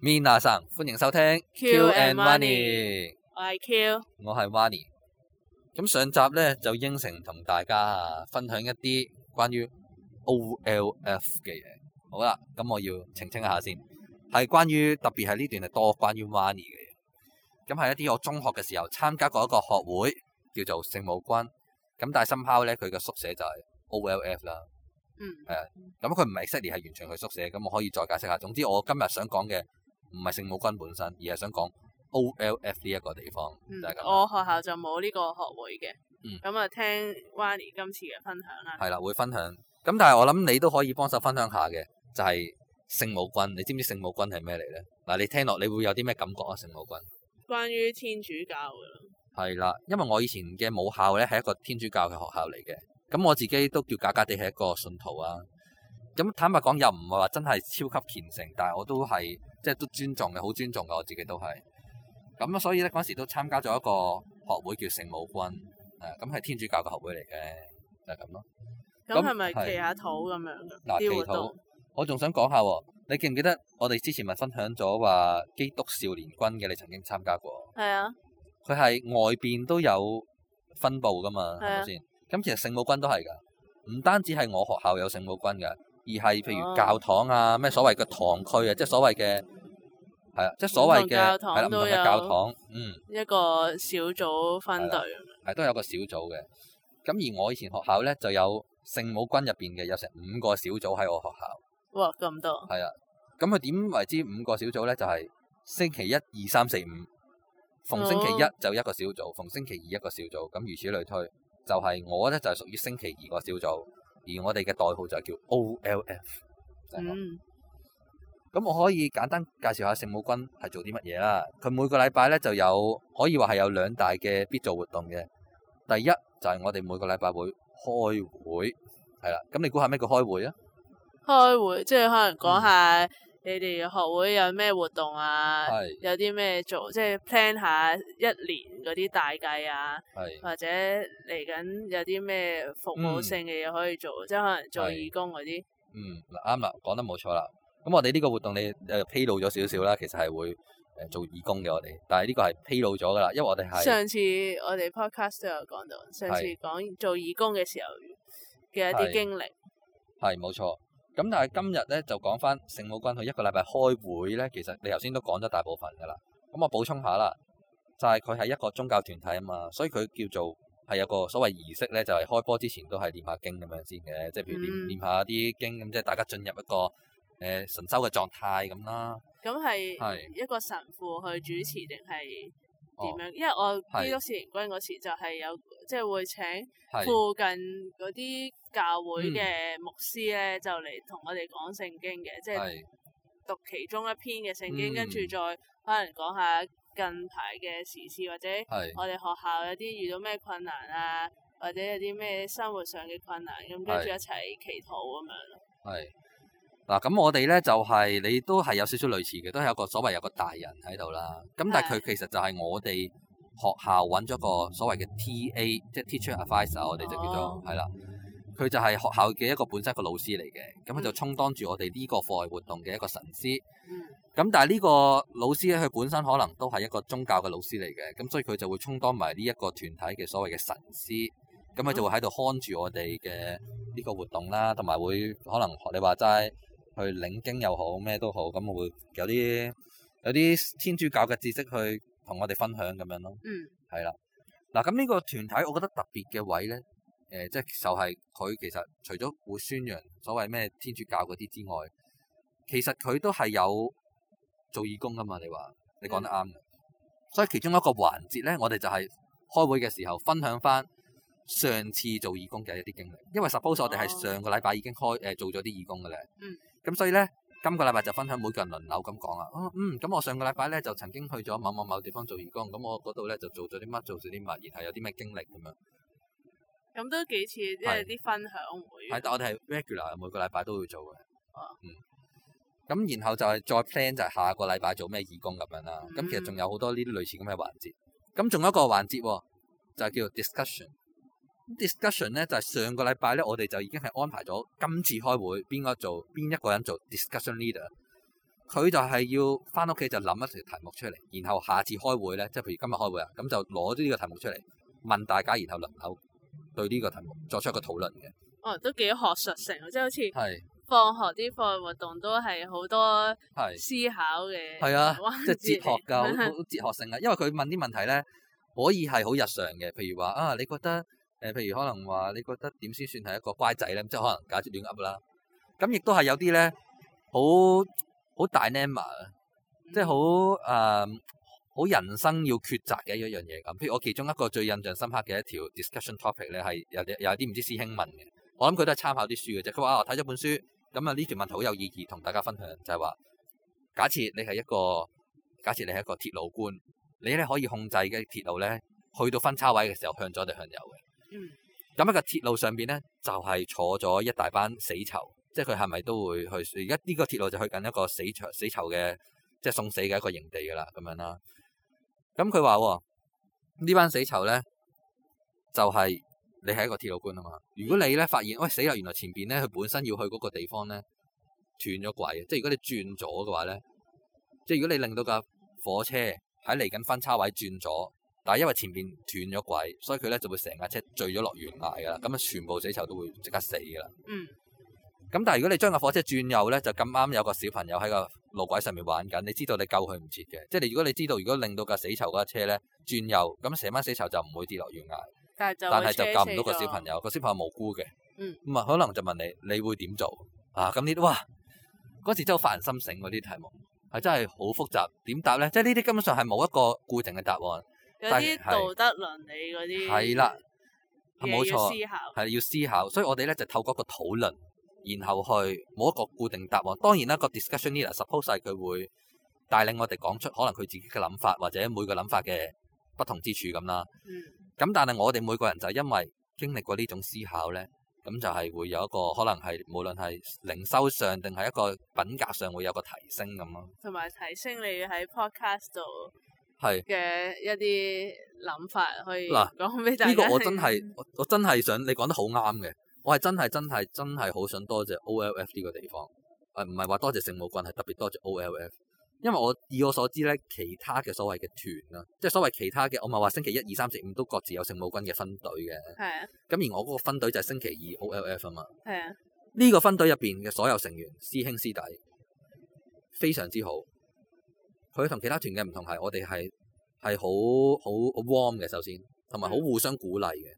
Minna san，歡迎收聽。Q and Money，我係 Q，我係 Wani。咁上集咧就應承同大家啊分享一啲關於 OLF 嘅嘢。好啦，咁我要澄清一下先，係關於特別係呢段係多關於 Wani 嘅。咁係一啲我中學嘅時候參加過一個學會，叫做聖母軍。咁但係新拋咧，佢嘅宿舍就係 OLF 啦。嗯。係咁佢唔係 Sunny 係完全去宿舍。咁我可以再解釋下。總之我今日想講嘅。唔係聖母軍本身，而係想講 OLF 呢一個地方。就係咁、嗯，我學校就冇呢個學會嘅。嗯，咁啊，聽 Wany 今次嘅分享啦。係啦，會分享。咁但係我諗你都可以幫手分享下嘅，就係、係、聖母軍。你知唔知聖母軍係咩嚟咧？嗱，你聽落你會有啲咩感覺啊？聖母軍關於天主教嘅咯。係啦，因為我以前嘅母校咧係一個天主教嘅學校嚟嘅，咁我自己都叫假假地係一個信徒啊。咁坦白講，又唔係話真係超級虔誠，但係我都係即係都尊重嘅，好尊重嘅。我自己都係咁，所以咧，嗰時都參加咗一個學會叫聖母軍，誒咁係天主教嘅學會嚟嘅，就係咁咯。咁係咪地下土咁樣？嗱，地土、啊、我仲想講下喎，你記唔記得我哋之前咪分享咗話基督少年軍嘅？你曾經參加過係啊，佢係外邊都有分佈噶嘛，係咪先？咁其實聖母軍都係噶，唔單止係我學校有聖母軍嘅。而係譬如教堂啊，咩所謂嘅堂區啊，即係所謂嘅係啊，即係所謂嘅係啦，咩教堂嗯、啊、一個小組分隊係、嗯啊啊、都有個小組嘅，咁而我以前學校咧就有聖母軍，入邊嘅有成五個小組喺我學校，哇咁多！係啊，咁佢點為之五個小組咧？就係、是、星期一二三四五，逢星期一就一個小組，逢星期二一個小組，咁如此類推，就係、是、我咧就係、是、屬於星期二個小組。而我哋嘅代號就係叫 OLF。嗯。咁我可以簡單介紹下聖母軍係做啲乜嘢啦。佢每個禮拜咧就有，可以話係有兩大嘅必做活動嘅。第一就係、是、我哋每個禮拜會開會，係啦。咁你估下咩叫開會啊？開會，即係可能講下、嗯。你哋學會有咩活動啊？是有啲咩做？即係 plan 下一年嗰啲大計啊，是或者嚟緊有啲咩服務性嘅嘢可以做，嗯、即係可能做義工嗰啲。嗯，嗱啱啦，講得冇錯啦。咁我哋呢個活動你，你、呃、誒披露咗少少啦。其實係會誒、呃、做義工嘅，我哋，但係呢個係披露咗噶啦，因為我哋係上次我哋 podcast 都有講到，上次講做義工嘅時候嘅一啲經歷。係冇錯。咁但係今日咧就講翻聖母軍，佢一個禮拜開會咧，其實你頭先都講咗大部分噶啦。咁我補充下啦，就係佢係一個宗教團體啊嘛，所以佢叫做係有個所謂儀式咧，就係、是、開波之前都係念下經咁樣先嘅，即係譬如念唸、嗯、下啲經咁，即係大家進入一個誒、呃、神修嘅狀態咁啦。咁係、嗯、一個神父去主持定係？點樣？哦、因為我基督教事前軍嗰時就係有即係、就是、會請附近嗰啲教會嘅牧師咧，嗯、就嚟同我哋講聖經嘅，即、就、係、是、讀其中一篇嘅聖經，嗯、跟住再可能講下近排嘅時事，或者我哋學校有啲遇到咩困難啊，或者有啲咩生活上嘅困難，咁、嗯、跟住一齊祈禱咁樣咯。嗯嗯。嗱，咁我哋咧就係、是、你都係有少少類似嘅，都係有個所謂有個大人喺度啦。咁的但係佢其實就係我哋學校揾咗個所謂嘅 T.A.，、嗯、即係 Teacher Advisor，我哋就叫做係啦。佢、哦、就係學校嘅一個本身嘅老師嚟嘅。咁佢、嗯、就充當住我哋呢個課外活動嘅一個神師。咁、嗯、但係呢個老師咧，佢本身可能都係一個宗教嘅老師嚟嘅。咁所以佢就會充當埋呢一個團體嘅所謂嘅神師。咁佢、嗯嗯、就會喺度看住我哋嘅呢個活動啦，同埋會可能學你話齋。去領經又好咩都好，咁我會有啲有啲天主教嘅知識去同我哋分享咁樣咯。嗯，係啦。嗱咁呢個團體，我覺得特別嘅位咧，誒即係就係、係、佢其實除咗會宣揚所謂咩天主教嗰啲之外，其實佢都係有做義工噶嘛。你話你講得啱嘅，嗯、所以其中一個環節咧，我哋就係開會嘅時候分享翻上次做義工嘅一啲經歷，因為 suppose、哦、我哋係上個禮拜已經開誒、呃、做咗啲義工嘅啦。嗯。咁所以咧，今個禮拜就分享每個人輪流咁講啦。哦、啊，嗯，咁我上個禮拜咧就曾經去咗某某某地方做義工，咁我嗰度咧就做咗啲乜，做咗啲乜，然後有啲咩經歷咁樣。咁都幾似，即係啲分享會。係，但我哋係 regular，每個禮拜都會做嘅。哦，嗯。咁、啊、然後就係再 plan 就係下個禮拜做咩義工咁樣啦。咁、嗯、其實仲有好多呢啲類似咁嘅環節。咁仲有一個環節，就係叫做 discussion。discussion 咧就係上個禮拜咧，我哋就已經係安排咗今次開會邊個做，邊一個人做 discussion leader。佢就係要翻屋企就諗一條題目出嚟，然後下次開會咧，即係譬如今日開會啊，咁就攞咗呢個題目出嚟問大家，然後輪流對呢個題目作出一個討論嘅。哦，都幾學術性，即係好似係放學啲課外活動都係好多係思考嘅，係啊，即係哲學㗎，好 哲學性啊。因為佢問啲問題咧，可以係好日常嘅，譬如話啊，你覺得？誒，譬如可能話，你覺得點先算係一個乖仔咧？即、就、係、是、可能假設亂噏啦。咁亦都係有啲咧，好好 dynamic 啊，即係好誒，好、呃、人生要抉擇嘅一樣嘢咁。譬如我其中一個最印象深刻嘅一條 discussion topic 咧，係有有啲唔知師兄問嘅，我諗佢都係參考啲書嘅啫。佢話我睇咗本書，咁啊呢條問題好有意義，同大家分享就係、是、話，假設你係一個，假設你係一個鐵路官，你咧可以控制嘅鐵路咧，去到分叉位嘅時候向左定向右嘅？咁一個鐵路上邊咧，就係坐咗一大班死囚，即係佢係咪都會去？而家呢個鐵路就去緊一個死囚，死囚嘅即係送死嘅一個營地噶啦，咁樣啦。咁佢話呢班死囚咧，就係、是、你係一個鐵路官啊嘛。如果你咧發現喂、哎、死囚原來前邊咧佢本身要去嗰個地方咧斷咗軌了，即係如果你轉咗嘅話咧，即係如果你令到架火車喺嚟緊分叉位轉咗。但係因為前面斷咗軌，所以佢咧就會成架車墜咗落懸崖㗎啦。咁啊、嗯，全部死囚都會即刻死㗎啦。嗯。咁但係如果你將架火車轉右咧，就咁啱有個小朋友喺個路軌上面玩緊，你知道你救佢唔切嘅，即係你如果你知道如果令到架死囚嗰架車咧轉右，咁成班死囚就唔會跌落懸崖，但係就，就救唔到個小朋友，了個小朋友無辜嘅。嗯。咁啊，可能就問你，你會點做啊？咁你哇嗰時真係好煩心醒嗰啲題目係真係好複雜，點答咧？即係呢啲根本上係冇一個固定嘅答案。有啲道德倫理嗰啲係啦，冇錯，係要，要思考。所以我哋咧就透過個討論，然後去冇一個固定答案。當然啦，個 discussion leader，suppose 係佢會帶領我哋講出可能佢自己嘅諗法，或者每個諗法嘅不同之處咁啦。咁、嗯、但係我哋每個人就因為經歷過呢種思考咧，咁就係會有一個可能係無論係靈修上定係一個品格上會有個提升咁咯。同埋提升你喺 podcast 度嘅一啲諗法，可以嗱喏講俾大家聽。呢個我真係我真係想你講得好啱嘅，我係真係真係真係好想多謝 OLF 呢個地方。誒唔係話多謝聖母軍，係特別多謝 OLF，因為我以我所知咧，其他嘅所謂嘅團啦，即係所謂其他嘅，我咪話星期一、二、三、四、五都各自有聖母軍嘅分隊嘅。係啊。咁而我嗰、啊啊、個分隊就係星期二 OLF 啊嘛。係啊。呢個分隊入邊嘅所有成員師兄師弟，非常之好。佢同其他團嘅唔同係，我哋係係好好 warm 嘅。首先，同埋好互相鼓勵嘅。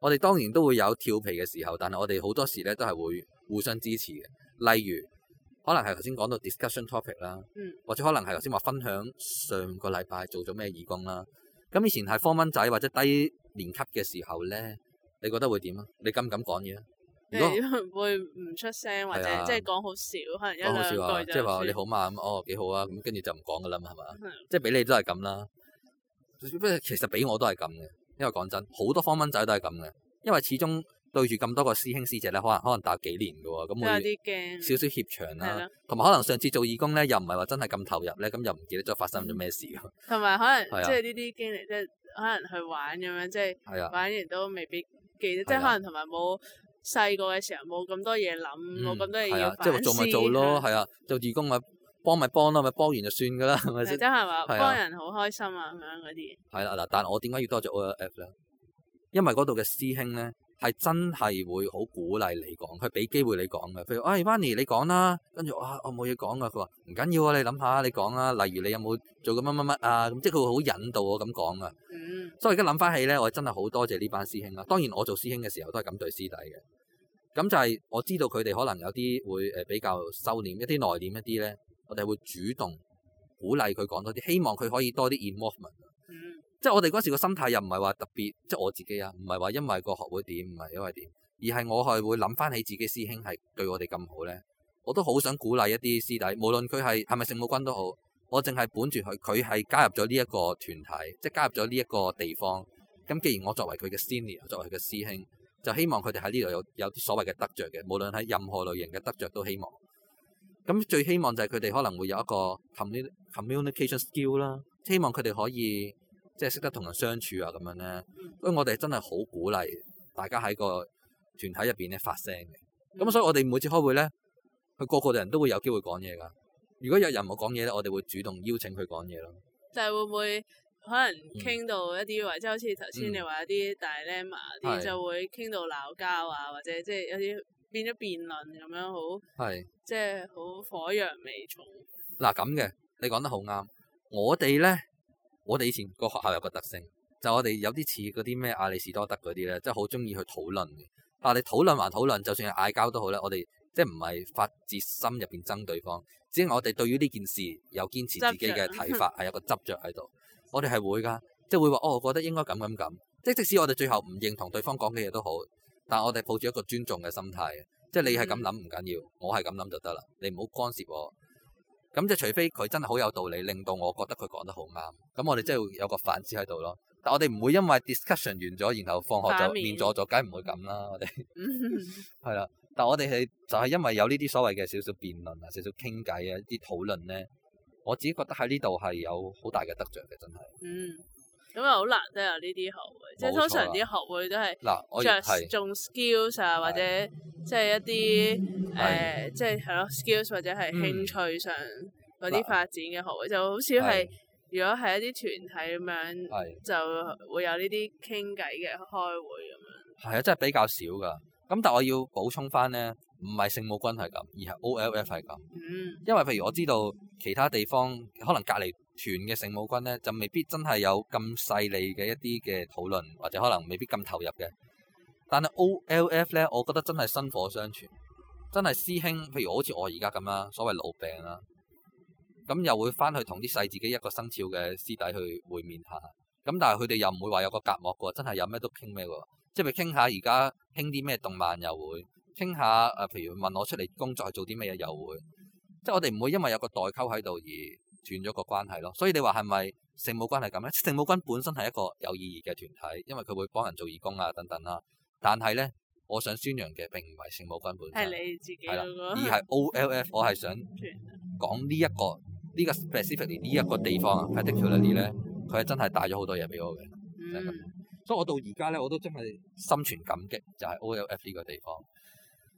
我哋當然都會有調皮嘅時候，但係我哋好多時咧都係會互相支持嘅。例如，可能係頭先講到 discussion topic 啦，或者可能係頭先話分享上個禮拜做咗咩義工啦。咁以前係 form one 仔或者低年級嘅時候咧，你覺得會點啊？你敢唔敢講嘢啊？如果會唔出聲或者即係講好少，可能一兩句，就即係話你好嘛，咁哦，幾好啊咁，跟住就唔講噶啦嘛，係嘛？即係俾你都係咁啦，其實俾我都係咁嘅。因為講真，好多方蚊仔都係咁嘅，因為始終對住咁多個師兄師姐咧，可能可能打幾年噶喎，咁我有啲驚，少少怯場啦，同埋可能上次做義工咧，又唔係話真係咁投入咧，咁又唔記得咗發生咗咩事。同埋可能即係呢啲經歷，即係可能去玩咁樣，即係玩完都未必記得，即係可能同埋冇。細個嘅時候冇咁多嘢諗，冇咁多嘢要反思。即係做咪做咯，係啊，做義工咪幫咪幫咯，咪幫完就算噶啦，係咪真係嘛，幫人好開心啊，咁樣嗰啲。係啦，嗱，但係我點解要多謝 O L F 咧？因為嗰度嘅師兄咧係真係會好鼓勵你講，佢俾機會你講嘅。譬如誒 m a 你講啦，跟住哇，我冇嘢講啊。佢話唔緊要啊，你諗下你講啊。例如你有冇做過乜乜乜啊？咁即係佢會好引導我咁講啊。所以而家諗翻起咧，我真係好多謝呢班師兄啊。當然我做師兄嘅時候都係咁對師弟嘅。咁就係我知道佢哋可能有啲會誒比較收斂，一啲內斂一啲咧，我哋會主動鼓勵佢講多啲，希望佢可以多啲 emotion。嗯。即係我哋嗰時個心態又唔係話特別，即係我自己啊，唔係話因為個學會點，唔係因為點，而係我係會諗翻起自己師兄係對我哋咁好咧，我都好想鼓勵一啲師弟，無論佢係係咪聖母君都好，我淨係本住佢，佢係加入咗呢一個團體，即係加入咗呢一個地方。咁既然我作為佢嘅 senior，作為佢嘅師兄。就希望佢哋喺呢度有有啲所謂嘅得着嘅，無論喺任何類型嘅得着都希望。咁最希望就係佢哋可能會有一個 communication skill 啦，希望佢哋可以即係識得同人相處啊咁樣咧。所以我哋真係好鼓勵大家喺個團體入邊咧發聲嘅。咁所以我哋每次開會咧，佢個個人都會有機會講嘢㗎。如果有人冇講嘢咧，我哋會主動邀請佢講嘢咯。就係會唔會？可能傾到一啲，或者、嗯、好似頭先你話一啲大 lemma 啲，些的就會傾到鬧交啊，或者的即係有啲變咗辯論咁樣好，係即係好火藥味重。嗱咁嘅，你講得好啱。我哋咧，我哋以前個學校有個特性，就我哋有啲似嗰啲咩阿里士多德嗰啲咧，即係好中意去討論嘅。但係，你討論還討論，就算係嗌交都好咧，我哋即係唔係發自心入邊爭對方，只係我哋對於呢件事有堅持自己嘅睇法，係有個執着喺度。我哋係會㗎，即係會話、哦，我覺得應該咁咁咁。即係即使我哋最後唔認同對方講嘅嘢都好，但我哋抱住一個尊重嘅心態，即係你係咁諗唔緊要，我係咁諗就得啦，你唔好干涉我。咁即係除非佢真係好有道理，令到我覺得佢講得好啱，咁我哋真係會有個反思喺度咯。但我哋唔會因為 discussion 完咗，然後放學就變咗咗，梗係唔會咁啦。我哋係啦，但我哋係就係、是、因為有謂小小小小小小小呢啲所謂嘅少少辯論啊、少少傾偈啊、一啲討論咧。我自己覺得喺呢度係有好大嘅得著嘅，真係。嗯，咁又好難都有呢啲學會，即係通常啲學會都係嗱，我着重着是 skills 啊，是或者即係一啲誒，即係係咯 skills 或者係興趣上嗰啲發展嘅學會，喏就好少係。是如果係一啲團體咁樣，是就會有呢啲傾偈嘅開會咁樣。係啊，真係比較少㗎。咁但係我要補充翻咧。唔係聖母軍係咁，而係 OLF 係咁。因為譬如我知道其他地方可能隔離團嘅聖母軍咧，就未必真係有咁細膩嘅一啲嘅討論，或者可能未必咁投入嘅。但係 OLF 咧，我覺得真係薪火相傳，真係師兄。譬如好似我而家咁啦，所謂老病啦、啊，咁又會翻去同啲細自己一個生肖嘅師弟去會面下。咁但係佢哋又唔會話有個隔膜嘅，真係有咩都傾咩喎，即係譬如傾下而家傾啲咩動漫又會。傾下誒，譬如問我出嚟工作係做啲咩嘢，又會即係我哋唔會因為有個代溝喺度而斷咗個關係咯。所以你話係咪聖母軍係咁咧？聖母軍本身係一個有意義嘅團體，因為佢會幫人做義工啊等等啦。但係咧，我想宣揚嘅並唔係聖母軍本身，係你自己係啦、那個。而係 O L F，我係想講呢、這、一個呢、這個 specifically 呢一個地方啊 particularly 咧，佢係、哦、真係帶咗好多嘢俾我嘅，就係、是、咁。嗯、所以我到而家咧，我都真係心存感激，就係、是、O L F 呢個地方。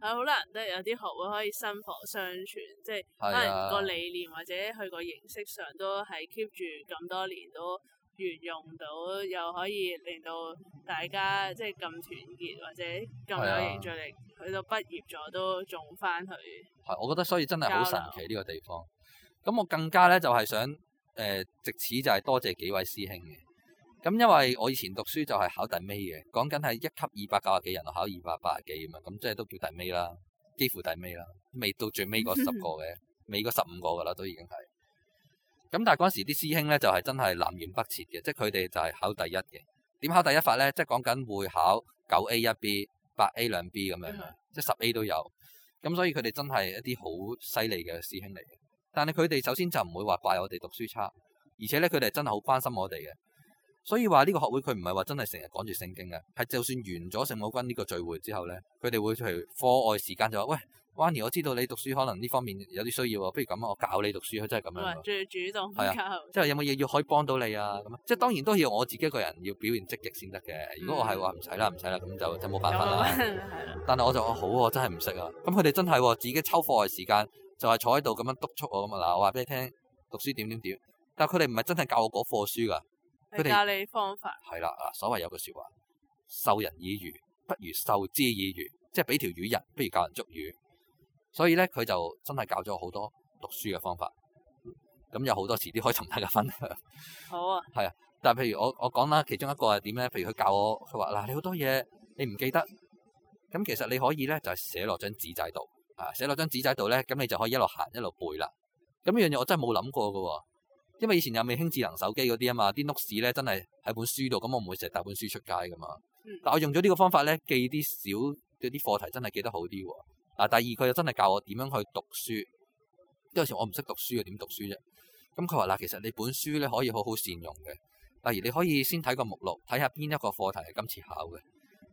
係好、啊、難得，都有啲學會可以薪火相傳，即係可能個理念或者佢個形式上都係 keep 住咁多年都沿用到，又可以令到大家即係咁團結或者咁有凝聚力，啊、去到畢業咗都仲翻去。係，我覺得所以真係好神奇呢個地方。咁我更加咧就係、是、想誒，藉、呃、此就係多謝幾位師兄嘅。咁因為我以前讀書就係考第尾嘅，講緊係一級二百九十幾人，我考二百八十幾咁嘛。咁即係都叫第尾啦，幾乎第尾啦，未到最尾嗰十個嘅， 未嗰十五個噶啦，都已經係。咁但係嗰陣時啲師兄咧就係、是、真係南懸北切南轅北轍嘅，即係佢哋就係考第一嘅。點考第一法咧？即係講緊會考九 A 一 B, A B、八 A 兩 B 咁樣嘅，即係十 A 都有。咁所以佢哋真係一啲好犀利嘅師兄嚟嘅。但係佢哋首先就唔會話怪我哋讀書差，而且咧佢哋真係好關心我哋嘅。所以話呢個學會佢唔係話真係成日講住聖經嘅，係就算完咗聖母軍呢個聚會之後咧，佢哋會出去課外時間就話：喂，Winnie，我知道你讀書可能呢方面有啲需要喎，不如咁啊，我教你讀書，真係咁樣。最主動係啊，即係有冇嘢要可以幫到你啊？咁即係當然都要我自己一個人要表現積極先得嘅。如果我係話唔使啦、唔使啦，咁就就冇辦法啦。係啦，但係我就話好，我真係唔識啊。咁佢哋真係自己抽課外時間，就係、是、坐喺度咁樣督促我咁啊。嗱，我話俾你聽，讀書點點點。但係佢哋唔係真係教我嗰課書㗎。佢哋教你方法係啦，嗱，所謂有句說話，授人以魚不如授之以漁，即係俾條魚人，不如教人捉魚。所以咧，佢就真係教咗我好多讀書嘅方法。咁有好多遲啲，可以同大家分享。好啊，係啊。但係譬如我我講啦，其中一個係點咧？譬如佢教我，佢話，嗱，你好多嘢你唔記得，咁其實你可以咧就係，寫落張紙仔度啊，寫落張紙仔度咧，咁你就可以一路行一路背啦。咁呢樣嘢我真係冇諗過噶。因為以前有未興智能手機嗰啲啊嘛，啲 notebook 咧真係喺本書度，咁我唔會成日帶本書出街噶嘛。但我用咗呢個方法咧，記啲小嗰啲課題真係記得好啲喎。嗱，第二佢又真係教我點樣去讀書，因為以前我唔識讀書啊，點讀書啫。咁佢話嗱，其實你本書咧可以好好善用嘅。例如你可以先睇個目錄，睇下邊一個課題係今次考嘅，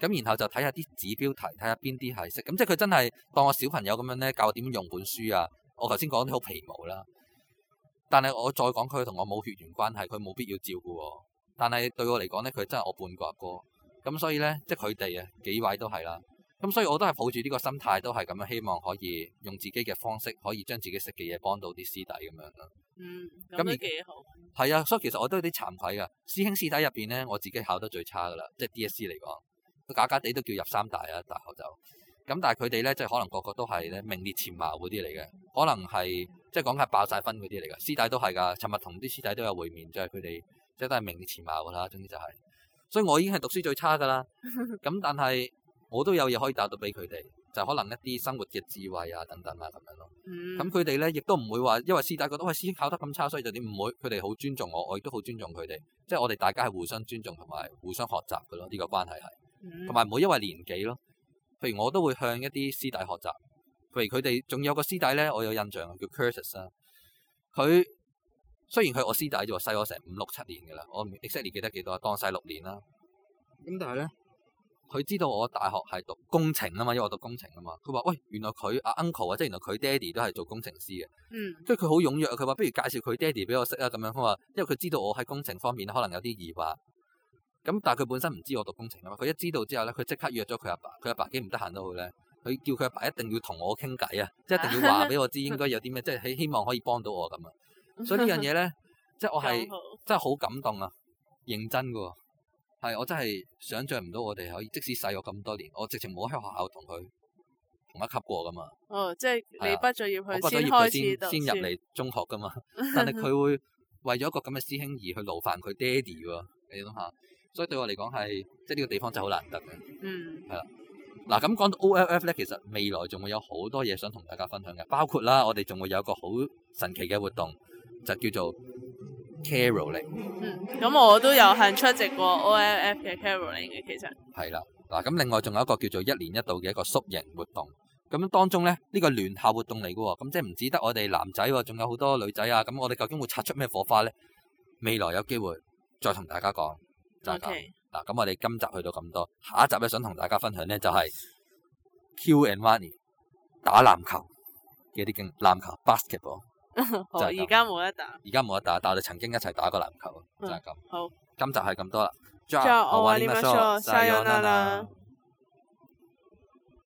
咁然後就睇下啲指標題，睇下邊啲係識。咁即係佢真係當我小朋友咁樣咧，教我點用本書啊。我頭先講啲好皮毛啦。但係我再講佢同我冇血緣關係，佢冇必要照顧我。但係對我嚟講咧，佢真係我半個阿哥咁，所以咧即係佢哋啊幾位都係啦。咁所以我都係抱住呢個心態，都係咁樣希望可以用自己嘅方式，可以將自己識嘅嘢幫到啲師弟咁樣啦。嗯，咁幾好係啊，所以其實我都有啲慚愧噶，師兄師弟入邊咧，我自己考得最差噶啦，即係 D S C 嚟講，假假地都叫入三大啊，大學就。咁但係佢哋咧，即係可能個個都係咧名列前茅嗰啲嚟嘅，可能係即係講係爆晒分嗰啲嚟嘅，師弟都係㗎。尋日同啲師弟都有會面，就係佢哋即係都係名列前茅㗎啦。總之就係、係，所以我已經係讀書最差㗎啦。咁 但係我都有嘢可以教到俾佢哋，就係、可能一啲生活嘅智慧啊等等啊咁樣咯。咁佢哋咧亦都唔會話，因為師弟覺得我師兄考得咁差，所以就點唔會？佢哋好尊重我，我亦都好尊重佢哋。即係我哋大家係互相尊重同埋互相學習嘅咯，呢、呢個關係係，同埋唔好因為年紀咯。嗯。譬如我都會向一啲師弟學習，譬如佢哋仲有個師弟咧，我有印象叫 Curtis 啊。佢雖然佢，我師弟啫，細我成五六七年嘅啦。我 exactly 記得幾多啊？當細六年啦。咁但係咧，佢知道我大學係讀工程啊嘛，因為我讀工程啊嘛。佢話：喂，原來佢阿 uncle 啊，un cle，即係原來佢爹哋都係做工程師嘅。嗯。跟住佢好踴躍！佢話：不如介紹佢爹哋俾我識啊！咁樣佢話，因為佢知道我喺工程方面可能有啲疑惑。咁但係佢本身唔知我讀工程噶嘛，佢一知道之後咧，佢即刻約咗佢阿爸，佢阿爸，爸幾唔得閒都好咧，佢叫佢阿爸，爸一定要同我傾偈啊，即係一定要話俾我知應該有啲咩， 即係希希望可以幫到我咁啊。所以呢樣嘢咧，即係我係真係好感動啊，認真噶、啊，係我真係想象唔到我哋可以即使細我咁多年，我直情冇喺學校同佢同一級過噶嘛。哦，即係你畢咗業去、啊、先開始先入嚟中學噶嘛， 但係佢會為咗一個咁嘅師兄而去勞煩佢爹哋，你諗下。所以對我嚟講係，即係呢個地方就好難得嘅。嗯，係啦。嗱咁講到 OLF 咧，其實未來仲會有好多嘢想同大家分享嘅，包括啦，我哋仲會有一個好神奇嘅活動，就叫做 Caroling、嗯。嗯，咁我都有幸出席過 OLF 嘅 Caroling 嘅，其實係啦。嗱咁、啊、另外仲有一個叫做一年一度嘅一個宿營活動，咁當中咧呢、呢個聯校活動嚟嘅喎，咁即係唔止得我哋男仔喎，仲有好多女仔啊！咁我哋究竟會擦出咩火花咧？未來有機會再同大家講。O.K. 嗱，咁我哋今集去到咁多，下一集咧想同大家分享咧就係 Q and Money 打籃球嘅啲經驗，籃球 Basketball。就而家冇得打，而家冇得打，但係曾經一齊打過籃球，就係、是、咁、 嗯。好，今集係咁多啦。再我話呢首《太